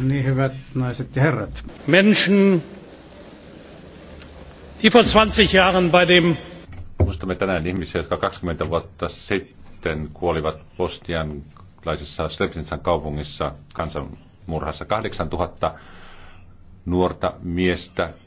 Niin hyvät naiset ja herrat. Menschen, die vor 20 Jahren bei dem... Muistamme tänään ihmisiä, jotka 20 vuotta sitten kuolivat bostianlaisessa Srebrenitsan kaupungissa kansanmurhassa. 8000 nuorta miestä